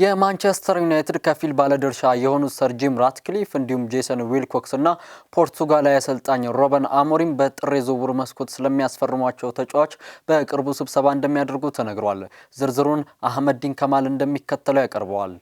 የማንቸስተር ዩናይትድ ከፊል ባለድርሻ የሆኑት ሰር ጂም ራትክሊፍ እንዲሁም ጄሰን ዊልኮክስ እና ፖርቱጋላዊ አሰልጣኝ ሮበን አሞሪም በጥር የዝውውር መስኮት ስለሚያስፈርሟቸው ተጫዋች በቅርቡ ስብሰባ እንደሚያደርጉ ተነግሯል። ዝርዝሩን አህመድዲን ከማል እንደሚከተለው ያቀርበዋል።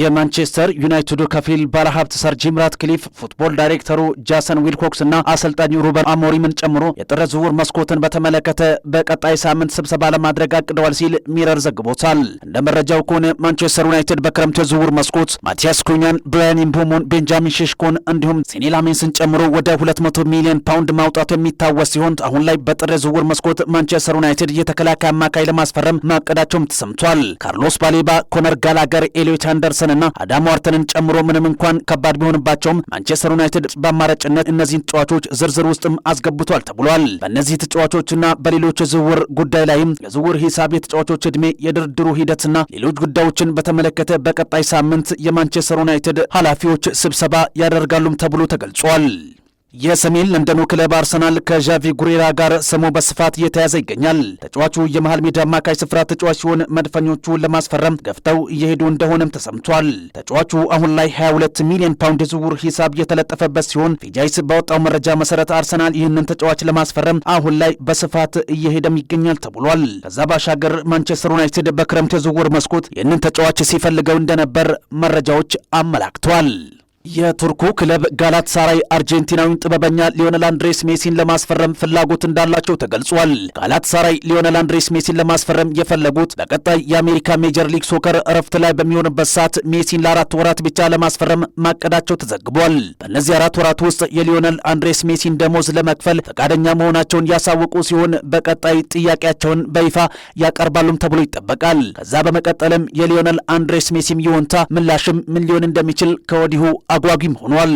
የማንቸስተር ዩናይትዱ ከፊል ባለሀብት ሰር ጂም ራትክሊፍ ፉትቦል ዳይሬክተሩ ጃሰን ዊልኮክስ እና አሰልጣኝ ሩበን አሞሪምን ጨምሮ የጥር ዝውውር መስኮትን በተመለከተ በቀጣይ ሳምንት ስብሰባ ለማድረግ አቅደዋል ሲል ሚረር ዘግቦታል። እንደ መረጃው ከሆነ ማንቸስተር ዩናይትድ በክረምቱ የዝውውር መስኮት ማቲያስ ኩኛን፣ ብራያን ኢምቦሞን፣ ቤንጃሚን ሼሽኮን እንዲሁም ሴኒ ላሜንስን ጨምሮ ወደ 200 ሚሊዮን ፓውንድ ማውጣቱ የሚታወስ ሲሆን አሁን ላይ በጥር ዝውውር መስኮት ማንቸስተር ዩናይትድ የተከላካይ አማካይ ለማስፈረም ማቀዳቸውም ተሰምቷል። ካርሎስ ባሌባ፣ ኮነር ጋላገር፣ ኤሊዮት አንደር ሪቻርድሰንና አዳም ዋርተንን ጨምሮ ምንም እንኳን ከባድ ቢሆንባቸውም ማንቸስተር ዩናይትድ በአማራጭነት እነዚህን ተጫዋቾች ዝርዝር ውስጥም አስገብቷል ተብሏል። በእነዚህ ተጫዋቾችና በሌሎች የዝውውር ጉዳይ ላይም የዝውውር ሂሳብ፣ የተጫዋቾች ዕድሜ፣ የድርድሩ ሂደትና ሌሎች ጉዳዮችን በተመለከተ በቀጣይ ሳምንት የማንቸስተር ዩናይትድ ኃላፊዎች ስብሰባ ያደርጋሉም ተብሎ ተገልጿል። የሰሜን ለንደኑ ክለብ አርሰናል ከዣቪ ጉሬራ ጋር ስሙ በስፋት እየተያዘ ይገኛል። ተጫዋቹ የመሃል ሜዳ አማካይ ስፍራ ተጫዋች ሲሆን መድፈኞቹን ለማስፈረም ገፍተው እየሄዱ እንደሆነም ተሰምቷል። ተጫዋቹ አሁን ላይ 22 ሚሊዮን ፓውንድ የዝውር ሂሳብ እየተለጠፈበት ሲሆን ፊጃይስ ባወጣው መረጃ መሰረት አርሰናል ይህንን ተጫዋች ለማስፈረም አሁን ላይ በስፋት እየሄደም ይገኛል ተብሏል። ከዛ ባሻገር ማንቸስተር ዩናይትድ በክረምት የዝውውር መስኮት ይህንን ተጫዋች ሲፈልገው እንደነበር መረጃዎች አመላክተዋል። የቱርኩ ክለብ ጋላትሳራይ አርጀንቲናዊውን ጥበበኛ ሊዮነል አንድሬስ ሜሲን ለማስፈረም ፍላጎት እንዳላቸው ተገልጿል። ጋላትሳራይ ሊዮነል አንድሬስ ሜሲን ለማስፈረም የፈለጉት በቀጣይ የአሜሪካ ሜጀር ሊግ ሶከር እረፍት ላይ በሚሆንበት ሰዓት ሜሲን ለአራት ወራት ብቻ ለማስፈረም ማቀዳቸው ተዘግቧል። በእነዚህ አራት ወራት ውስጥ የሊዮነል አንድሬስ ሜሲን ደሞዝ ለመክፈል ፈቃደኛ መሆናቸውን ያሳወቁ ሲሆን በቀጣይ ጥያቄያቸውን በይፋ ያቀርባሉም ተብሎ ይጠበቃል። ከዛ በመቀጠልም የሊዮነል አንድሬስ ሜሲም ይሁንታ ምላሽም ምን ሊሆን እንደሚችል ከወዲሁ አጓጊም ሆኗል።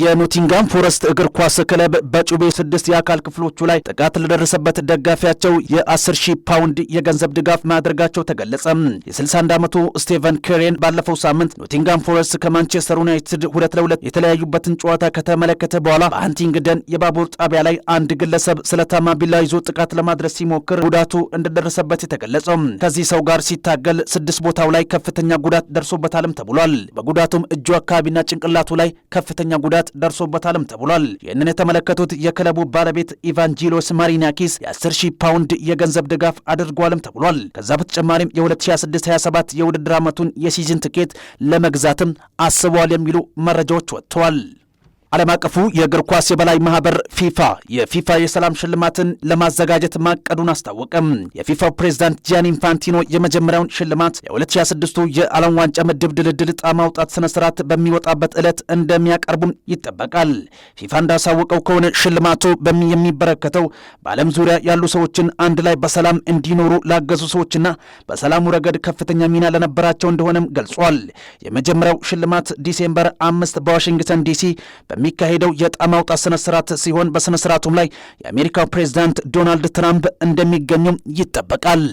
የኖቲንጋም ፎረስት እግር ኳስ ክለብ በጩቤ ስድስት የአካል ክፍሎቹ ላይ ጥቃት ለደረሰበት ደጋፊያቸው የአስር ሺህ ፓውንድ የገንዘብ ድጋፍ ማድረጋቸው ተገለጸ። የ61 ዓመቱ ስቴቨን ከሬን ባለፈው ሳምንት ኖቲንጋም ፎረስት ከማንቸስተር ዩናይትድ ሁለት ለሁለት የተለያዩበትን ጨዋታ ከተመለከተ በኋላ በሃንቲንግደን የባቡር ጣቢያ ላይ አንድ ግለሰብ ስለታማ ቢላ ይዞ ጥቃት ለማድረስ ሲሞክር ጉዳቱ እንደደረሰበት የተገለጸው ከዚህ ሰው ጋር ሲታገል ስድስት ቦታው ላይ ከፍተኛ ጉዳት ደርሶበታልም ተብሏል። በጉዳቱም እጁ አካባቢና ጭንቅላቱ ላይ ከፍተኛ ጉዳት ጉዳት ደርሶበታልም ተብሏል። ይህንን የተመለከቱት የክለቡ ባለቤት ኢቫንጂሎስ ማሪናኪስ የ10 ሺህ ፓውንድ የገንዘብ ድጋፍ አድርጓልም ተብሏል። ከዛ በተጨማሪም የ2026/27 የውድድር ዓመቱን የሲዝን ትኬት ለመግዛትም አስበዋል የሚሉ መረጃዎች ወጥተዋል። ዓለም አቀፉ የእግር ኳስ የበላይ ማህበር ፊፋ የፊፋ የሰላም ሽልማትን ለማዘጋጀት ማቀዱን አስታወቀም። የፊፋው ፕሬዝዳንት ጂያኒ ኢንፋንቲኖ የመጀመሪያውን ሽልማት የ2026ቱ የዓለም ዋንጫ ምድብ ድልድል ዕጣ ማውጣት ስነ ስርዓት በሚወጣበት ዕለት እንደሚያቀርቡም ይጠበቃል። ፊፋ እንዳሳወቀው ከሆነ ሽልማቱ የሚበረከተው በዓለም ዙሪያ ያሉ ሰዎችን አንድ ላይ በሰላም እንዲኖሩ ላገዙ ሰዎችና በሰላሙ ረገድ ከፍተኛ ሚና ለነበራቸው እንደሆነም ገልጿል። የመጀመሪያው ሽልማት ዲሴምበር አምስት በዋሽንግተን ዲሲ በሚካሄደው የዕጣ ማውጣት ስነ ስርዓት ሲሆን በስነ ስርዓቱም ላይ የአሜሪካው ፕሬዚዳንት ዶናልድ ትራምፕ እንደሚገኙም ይጠበቃል።